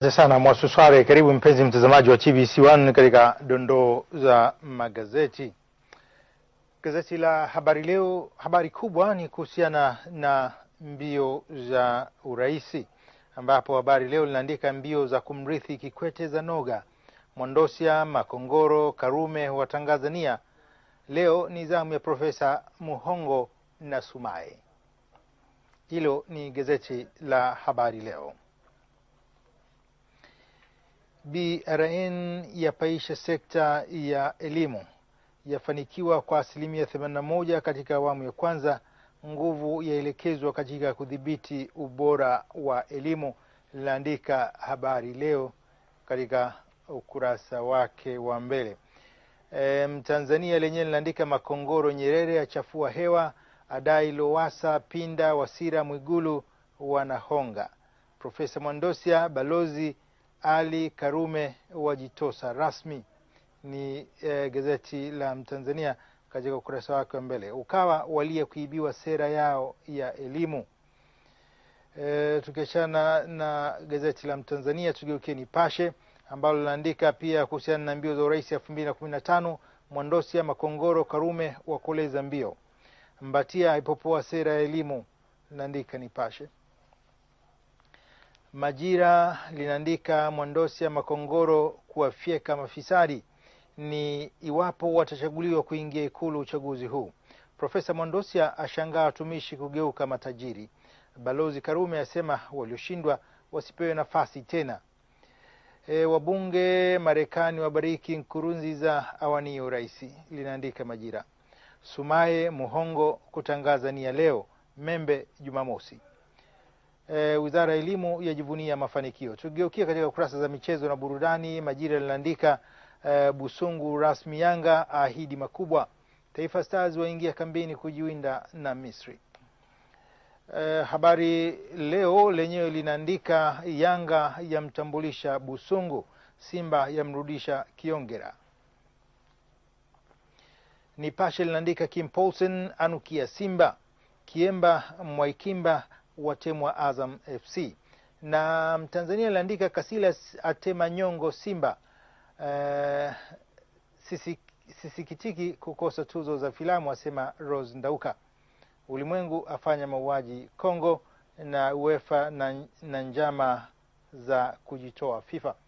Asante sana Mwasusware. Karibu mpenzi mtazamaji wa TBC1 katika dondoo za magazeti. Gazeti la Habari Leo, habari kubwa ni kuhusiana na mbio za uraisi, ambapo Habari Leo linaandika mbio za kumrithi Kikwete za noga. Mwandosia, Makongoro, Karume wa Tanzania, leo ni zamu ya Profesa Muhongo na Sumaye. Hilo ni gazeti la Habari Leo. BRN yapaisha sekta ya elimu, yafanikiwa kwa asilimia 81 katika awamu ya kwanza. Nguvu yaelekezwa katika kudhibiti ubora wa elimu, linaandika Habari Leo katika ukurasa wake wa mbele. E, Tanzania lenyewe linaandika Makongoro, Nyerere achafua hewa, adai Lowasa, Pinda, Wasira, Mwigulu wanahonga. Profesa Mwandosia, balozi ali Karume wajitosa rasmi, ni eh, gazeti la Mtanzania katika ukurasa wake wa mbele. Ukawa walie kuibiwa sera yao ya elimu. E, tukiachana na gazeti la Mtanzania tugeukie Nipashe ambalo linaandika pia kuhusiana na mbio za urais elfu mbili na kumi na tano Mwandosia, Makongoro, Karume wakoleza mbio. Mbatia aipopoa sera ya elimu, linaandika Nipashe. Majira linaandika Mwandosia Makongoro kuwafyeka mafisadi ni iwapo watachaguliwa kuingia Ikulu uchaguzi huu. Profesa Mwandosia ashangaa watumishi kugeuka matajiri. Balozi Karume asema walioshindwa wasipewe nafasi tena. E, wabunge Marekani wabariki Nkurunziza awanie urais, linaandika Majira. Sumaye Muhongo kutangaza nia leo, Membe Jumamosi e, wizara ya elimu yajivunia mafanikio. Tugeukia katika kurasa za michezo na burudani. Majira linaandika e, eh, Busungu rasmi Yanga ahidi makubwa, Taifa Stars waingia kambini kujiwinda na Misri. E, habari leo lenyewe linaandika Yanga yamtambulisha Busungu, Simba yamrudisha Kiongera. Nipashe linaandika Kim Paulsen anukia Simba, Kiemba Mwaikimba wa timu wa Azam FC. Na Mtanzania aliandika kasila atema nyongo Simba. Uh, sisi sisikitiki kukosa tuzo za filamu, asema Rose Ndauka. Ulimwengu afanya mauaji Kongo na UEFA na, na njama za kujitoa FIFA.